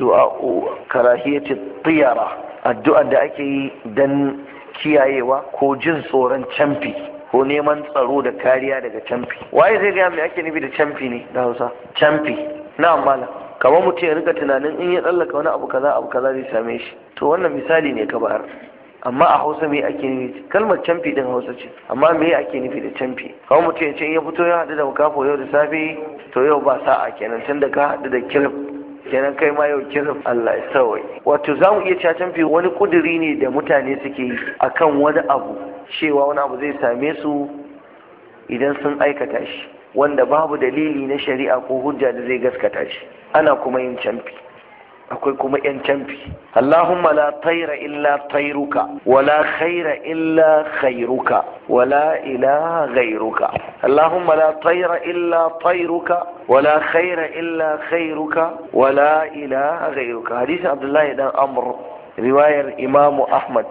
du'a'u karahiyati tiyara addu'a da ake yi don kiyayewa ko jin tsoron camfi ko neman tsaro da kariya daga camfi waye zai gaya mai ake nufi da camfi ne da Hausa camfi na amala kamar mutum ya rika tunanin in ya tsallaka wani abu kaza abu kaza zai same shi to wannan misali ne ka bayar amma a hausa me ake nufi kalmar camfi din hausa ce amma me ake nufi da camfi kawai mutum ya ce in ya fito ya haɗu da kafo yau da safe to yau ba sa'a kenan tun da ka haɗu da kirim. kenan kai ma yau kirif Allah ya sawai wato za mu iya cacan fi wani kuduri ne da mutane suke yi akan wani abu cewa wani abu zai same su idan sun aikata shi wanda babu dalili na shari'a ko hujja da zai gaskata shi ana kuma yin camfi akwai kuma yan camfi. Allahumma la tayra illa tayruka wala khaira illa khairuka wala ilaha ghairuka Allahumma hadisi Abdullahi ɗan Amr riwayar Imam Ahmad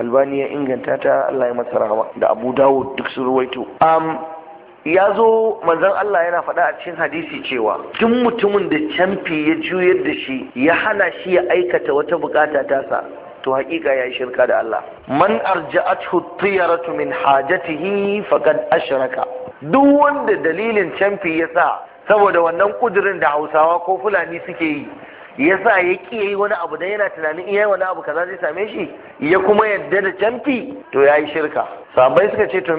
Albani ya inganta ta Allah ya da Abu Dawud duk sun am ya zo manzon Allah yana faɗa a cikin hadisi cewa duk mutumin da camfi ya juyar da shi ya hana shi ya aikata wata bukata tasa to hakika ya yi shirka da Allah man arja'athu tiyaratu min hajatihi faqad ashraka duk wanda dalilin camfi ya sa saboda wannan kudirin da Hausawa ko Fulani suke yi ya sa ya ƙi yi wani abu dan yana tunanin iya wani abu kaza zai same shi ya kuma yadda da camfi to ya yi shirka sabai suka ce to